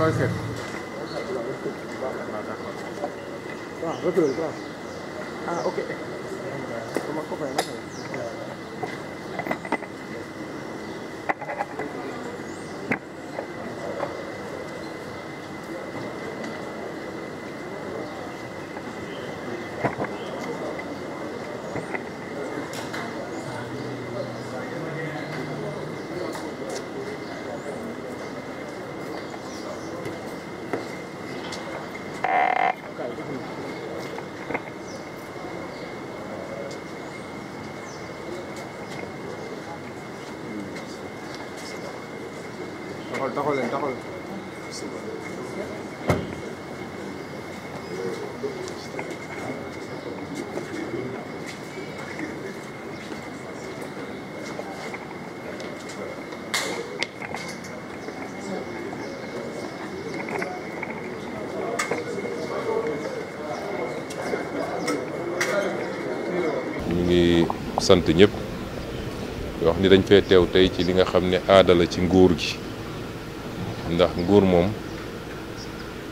looy seet. waaw rëdd ah ok. taxawal ñu ngi sant ñëpp wax ni dañ fee teew tey ci li nga xam ne aadala ci nguur gi. ndax nguur moom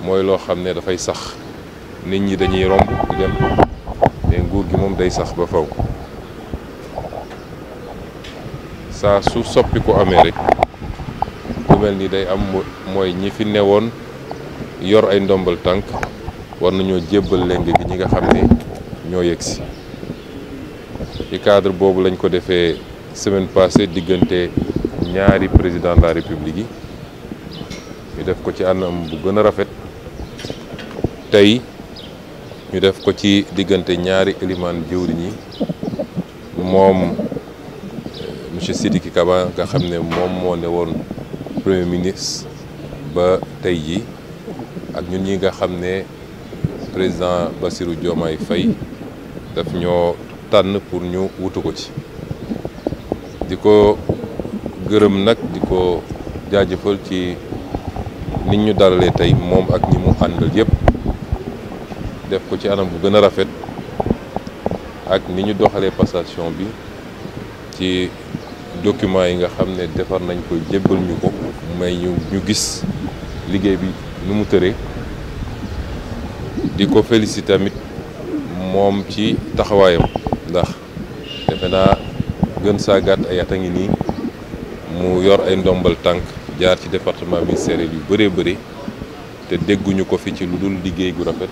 mooy loo xam ne dafay sax nit ñi dañuy romb di dem te nguur gi moom day sax ba faw saa su soppi ku amee rek ku mel ni day am mooy ñi fi newoon yor ay ndombal tànk war nañoo jébbal leng gi ñi nga xam ne ñoo yegg si ci cadre boobu lañ ko defee semaine passée diggante ñaari président de la république yi def ko ci anam bu gën a rafet tey ñu def ko ci diggante ñaari élimaan jëwriñ yi moom euh, monsieur Sidiki Kaba nga xam ne moom moo ne woon premier ministre ba tey ji ak ñu ñi nga xam ne président Bassirou Diomaye Faye daf ñoo tànn pour ñu wutu ko ci di ko gërëm nag di ko jaajëfal ci niñ ñu dalalee tey moom ak ñi mu àndal yépp def ko ci anam bu gën a rafet ak ni ñu doxalee passation bi ci document yi nga xam ne defar nañ ko jébbal ñu ko may ñu ñu gis liggéey bi nu mu tëree di ko féliciter tamit moom ci taxawaayam ndax defe naa gën saa gàtt ay a ngi nii mu yor ay ndombal tànk jaar ci département ministériel yu bëree bëri te dégguñu ko fi ci lu liggéey gu rafet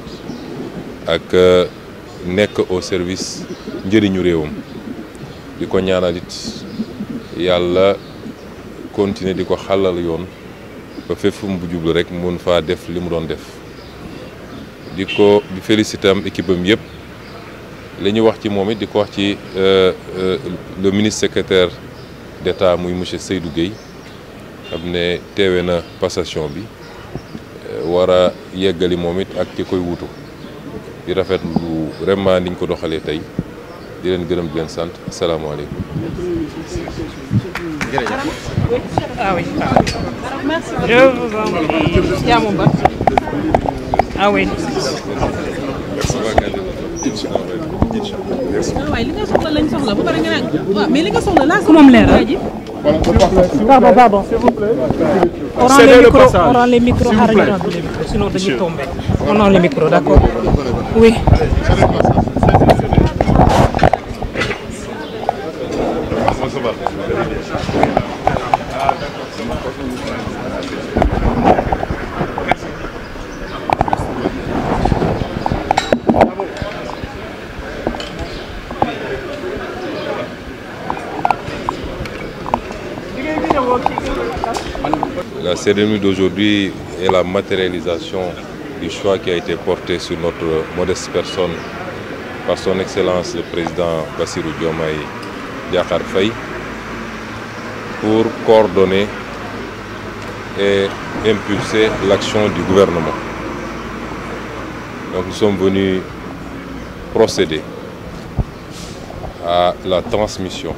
ak euh, nekk au service njëriñu réewam di ko ñaanal yàlla continuer di ko xàllal yoon ba fépp fu mu rek mun faa def li mu doon def di ko di félicité am équipe yëpp li ñu wax ci moom it di ko wax ci euh, euh, le ministre secrétaire d'État muy monsieur Seydou Guèye xam ne teewe na passation bi wara yeggali moom it ak ki koy wutu di rafet lu vraiment niñ ko doxalee tey di leen gërëm di leen sant asalaamaaleykum. ah oui. Merci. Voilà, pardon, pardon. S'il vous plaît. On rend les micros, sinon dañuy tomber. On rend les micros, d'accord? Oui. cérémonie d'aujourd'hui est la matérialisation du choix qui a été porté sur notre modeste personne par son Excellence le Président Bassirou Diomaye Diakhar Faye pour coordonner et impulser l'action du gouvernement. Donc nous sommes venus procéder à la transmission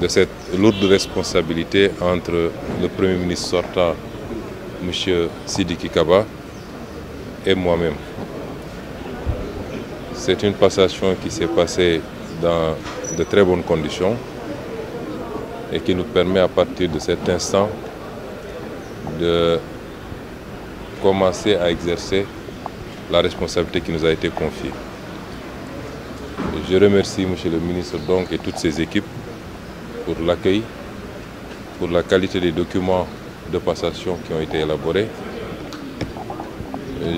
de cette lourde responsabilité entre le Premier ministre sortant, M. Sidiki Kaba, et moi-même. C'est une passation qui s'est passée dans de très bonnes conditions et qui nous permet à partir de cet instant de commencer à exercer la responsabilité qui nous a été confiée. Je remercie M. le ministre donc et toutes ses équipes pour l'accueil, pour la qualité des documents de passation qui ont été élaborés.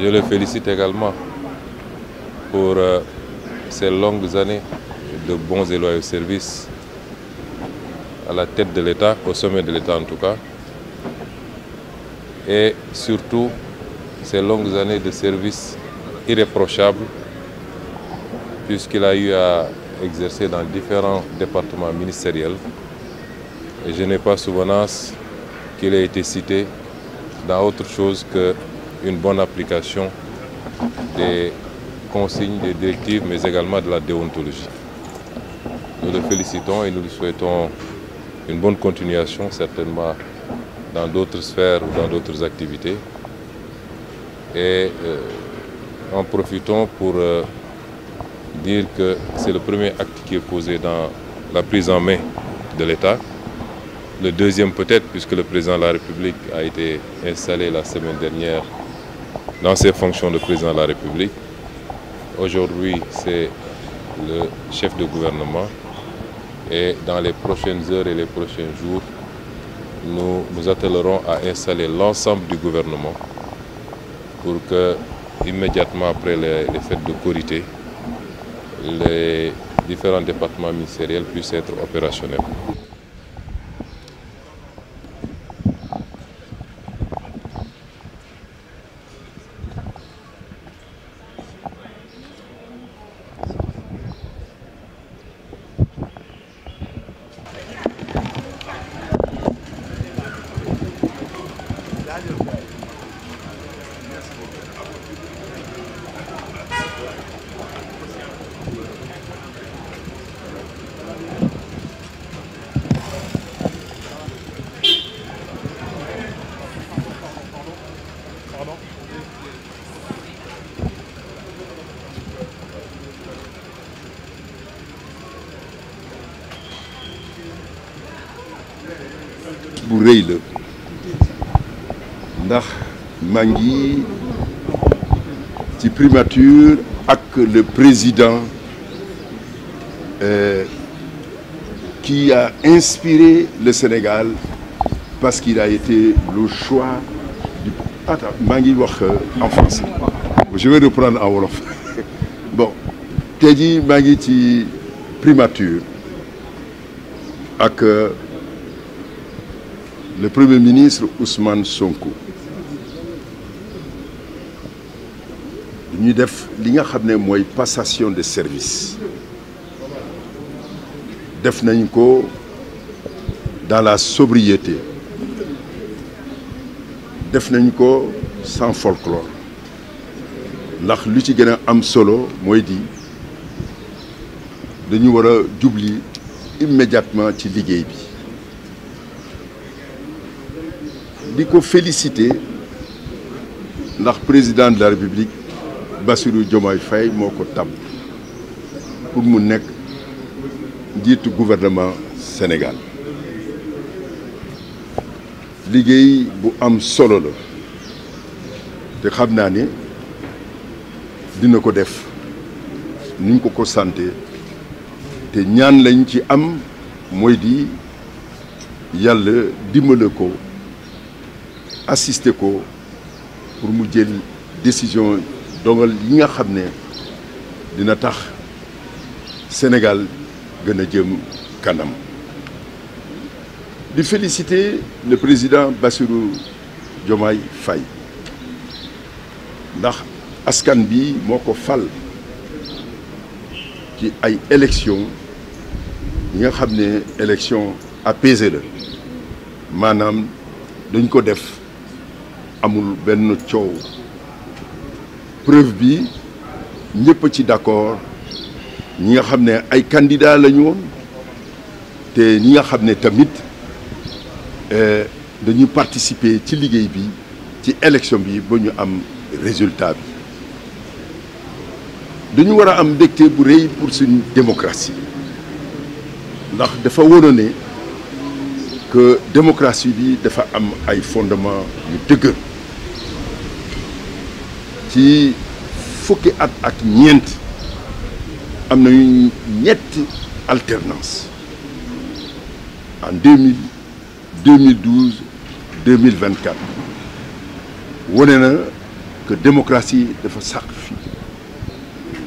Je le félicite également pour euh, ces longues années de bons et loyaux services à la tête de l'État, au sommet de l'État en tout cas, et surtout ces longues années de service irréprochable puisqu'il a eu à exercé dans différents départements ministériels. Et je n'ai pas souvenance qu'il ait été cité dans autre chose qu'une bonne application des consignes, des directives, mais également de la déontologie. Nous le félicitons et nous lui souhaitons une bonne continuation, certainement dans d'autres sphères ou dans d'autres activités. Et euh, en profitons pour... Euh, dire que c'est le premier acte qui est posé dans la prise en main de l'État. Le deuxième peut-être, puisque le président de la République a été installé la semaine dernière dans ses fonctions de président de la République. Aujourd'hui, c'est le chef de gouvernement et dans les prochaines heures et les prochains jours, nous nous attellerons à installer l'ensemble du gouvernement pour que, immédiatement après les, les fêtes de Corité, les différents départements ministériels puissent être opérationnels. bu rëy ndax maa ngi ci primature ak le président euh, qui a inspiré le Sénégal parce qu'il a été le choix du attends maa ngi wax euh, en français je vais reprendre en wolof bon tey jii maa ngi ci primature ak euh, le Premier ministre Ousmane Sonko ñu def li nga xam ne mooy passation de service def nañ ko dans la sobriété def nañ ko sans folklore ndax lu ci gën a am solo mooy di dañu war a jubli immédiatement ci liggéey bi di ko féliciter ndax président de la république Bassirou Diomaye Faye moo ko tàmm pour mu nekk njiitu gouvernement Sénégal liggéey bu am solo la te xam naa ne dina ko def ni ñu ko ko santé te ñaan lañ ci am mooy di yàlla dimbale ko. assister ko pour mu jël décision dogal yi nga xam ne dina tax Sénégal gën a jëm kanam di féliciter le président Bassirou Diomaye fay ndax askan bi moo ko fal ci ay élection yi nga xam ne élection apaisée la maanaam dañ ko def amul benn coow preuve bi ñëpp ci d'accord ñi nga xam ne ay candidats lañu woon te ñi nga xam ne tamit eh, dañuy participer ci liggéey bi ci élection bi ba ñu am résultat bi dañu war a am mbégte bu rëy pour suñu démocratie ndax dafa wono ne que démocratie bi dafa am ay fondement yu dëgër ci fukki at ak ñeent am nañu ñetti alternance en deux mille deux mille douze deux wane na que démocratie dafa sàq fii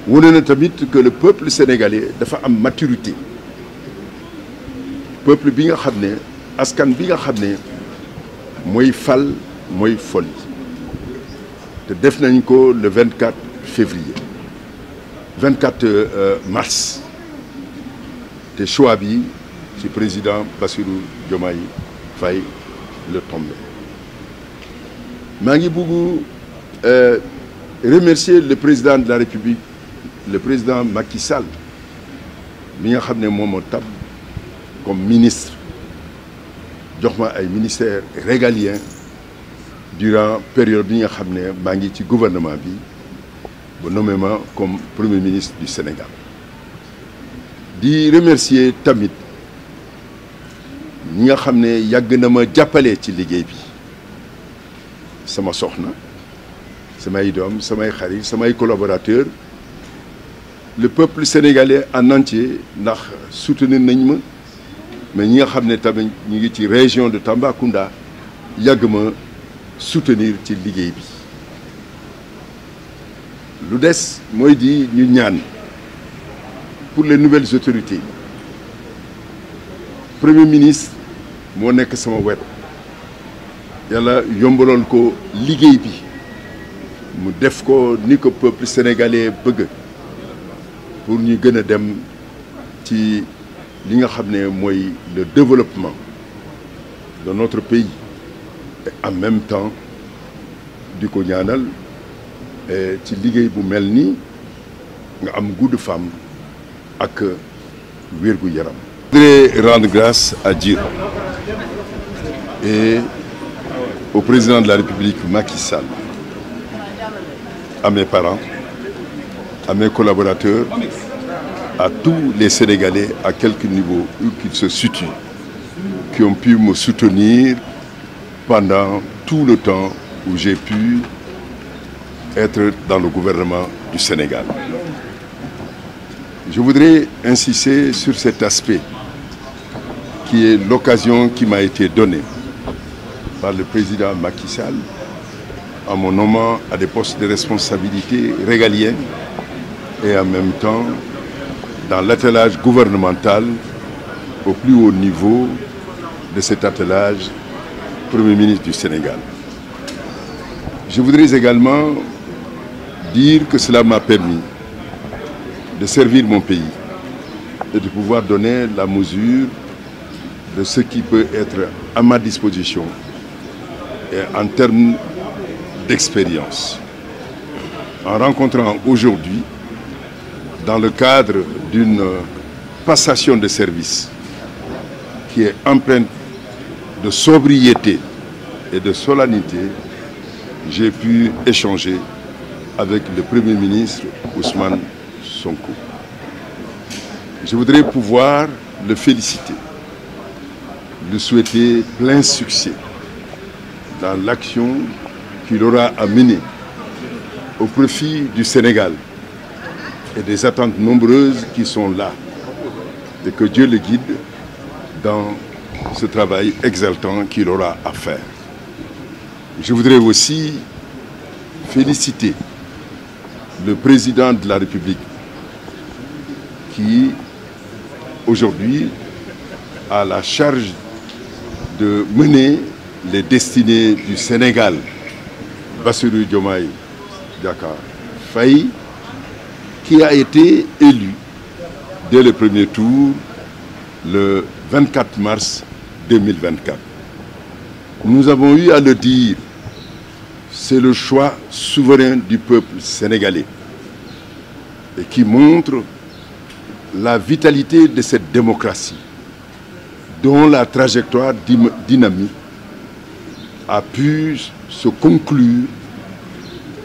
wane na tamit que le peuple sénégalais dafa am maturité le bi nga xam ne askan bi nga xam ne mooy fal mooy fol. te def nañ ko le 24 février 24 euh, mars te choix bi ci président Bassirou Diomaye Faye le tombé maa ngi bëgg euh, remercier le président de la République le président Macky Sall mi nga xam ne moom moo tab comme ministre jox ma ay ministère régalien durant période bi nga xam ne maa ngi ci gouvernement bi ba nommé ma comme premier ministre du Sénégal di remercier tamit ñi nga xam ne yàgg na ma jàppale ci liggéey bi sama soxna samay doom samay xarit samay collaborateurs le peuple sénégalais en entier ndax soutenir nañ ma mais ñi nga xam ne tamit ñu ngi ci région de Tambacounda yàgg ma. soutenir ci liggéey bi lu des mooy di ñu ñaan pour les nouvelles autorités premier ministre moo nekk sama wet yàlla yombaloon ko liggéey bi mu def ko ni ko peuple sénégalais bëgg pour ñu gën a dem ci li nga xam ne mooy le développement de notre pays en même temps di ko ñaanal eh, ci liggéey bu mel ni nga am gudd femme ak wér gu yaram. Je voudrais grâce à Dieu et au président de la République Macky Sall, à mes parents, à mes collaborateurs, à tous les Sénégalais, à quelque niveau qu'ils se situent, qui ont pu me soutenir pendant tout le temps où j'ai pu être dans le gouvernement du Sénégal. Je voudrais insister sur cet aspect qui est l'occasion qui m'a été donnée par le président Macky Sall en mon nommant à des postes de responsabilité régalienne et en même temps dans l'attelage gouvernemental au plus haut niveau de cet attelage Premier ministre du Sénégal. Je voudrais également dire que cela m'a permis de servir mon pays et de pouvoir donner la mesure de ce qui peut être à ma disposition et en termes d'expérience. En rencontrant aujourd'hui, dans le cadre d'une passation de service qui est empreinte de sobriété et de solennité, j'ai pu échanger avec le Premier ministre Ousmane Sonko. Je voudrais pouvoir le féliciter, lui souhaiter plein succès dans l'action qu'il aura à au profit du Sénégal et des attentes nombreuses qui sont là et que Dieu le guide dans ce travail exaltant qu'il aura à faire. Je voudrais aussi féliciter le président de la République qui, aujourd'hui, a la charge de mener les destinées du Sénégal. Bassirou Diomaye Diakhar Faye, qui a été élu dès le premier tour le 24 mars 2024. Nous avons eu à le dire, c'est le choix souverain du de cette démocratie dont la trajectoire dynamique a pu se conclure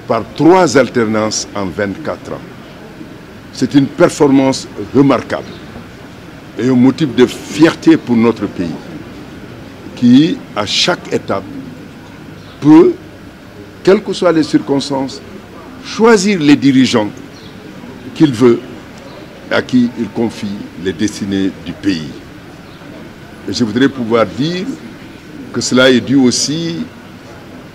par trois alternances en 24 ans. C'est une est un motif de fierté pour notre pays, qui, à chaque étape, peut, quelles que soient les circonstances, choisir les dirigeants qu'il veut, à qui il confie les destinées du pays. Et je voudrais pouvoir dire que cela est dû aussi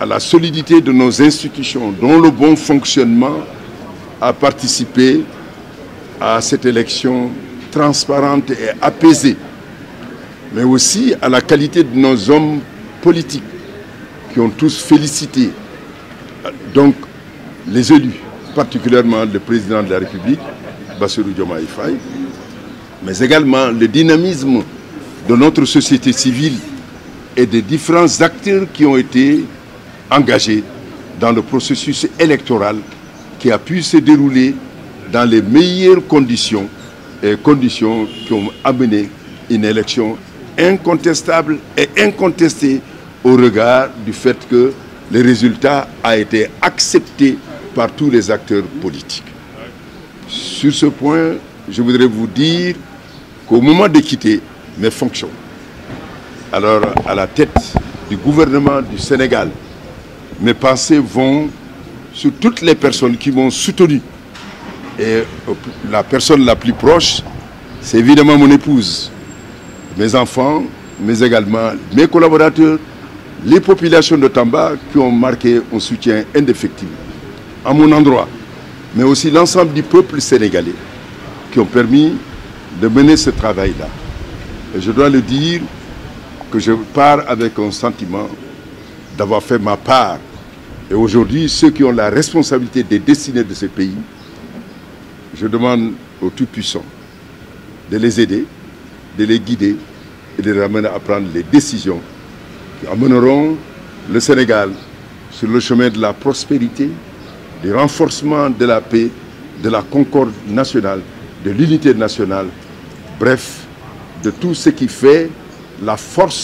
à la solidité de nos institutions, dont le bon fonctionnement a participé à cette élection transparente et apaisée, mais aussi à la qualité de nos hommes politiques qui ont tous félicité donc les élus, particulièrement le président de la République, Bassirou Diomaye Faye, mais également le dynamisme de notre société civile et des différents acteurs qui ont été engagés dans le processus électoral qui a pu se dérouler dans les meilleures conditions et conditions qui ont amené une élection incontestable et incontestée au regard du fait que le résultat a été accepté par tous les acteurs politiques. Sur ce point, je voudrais vous dire qu'au moment de quitter mes fonctions, alors à la tête du gouvernement du Sénégal, mes pensées vont sur toutes les personnes qui m'ont soutenu Et euh, la personne la plus proche, c'est évidemment mon épouse, mes enfants, mais également mes collaborateurs, les populations de Tamba qui ont marqué un soutien indéfectible à mon endroit, mais aussi l'ensemble du peuple sénégalais qui ont permis de mener ce travail-là. Et je dois le dire que je pars avec un sentiment d'avoir fait ma part. Et aujourd'hui, ceux qui ont la responsabilité des destinées de ce pays je demande au Tout-Puissant de les aider, de les guider et de ramener à prendre les décisions qui amèneront le Sénégal sur le chemin de la prospérité, du renforcement de la paix, de la concorde nationale, de l'unité nationale, bref, de tout ce qui fait la force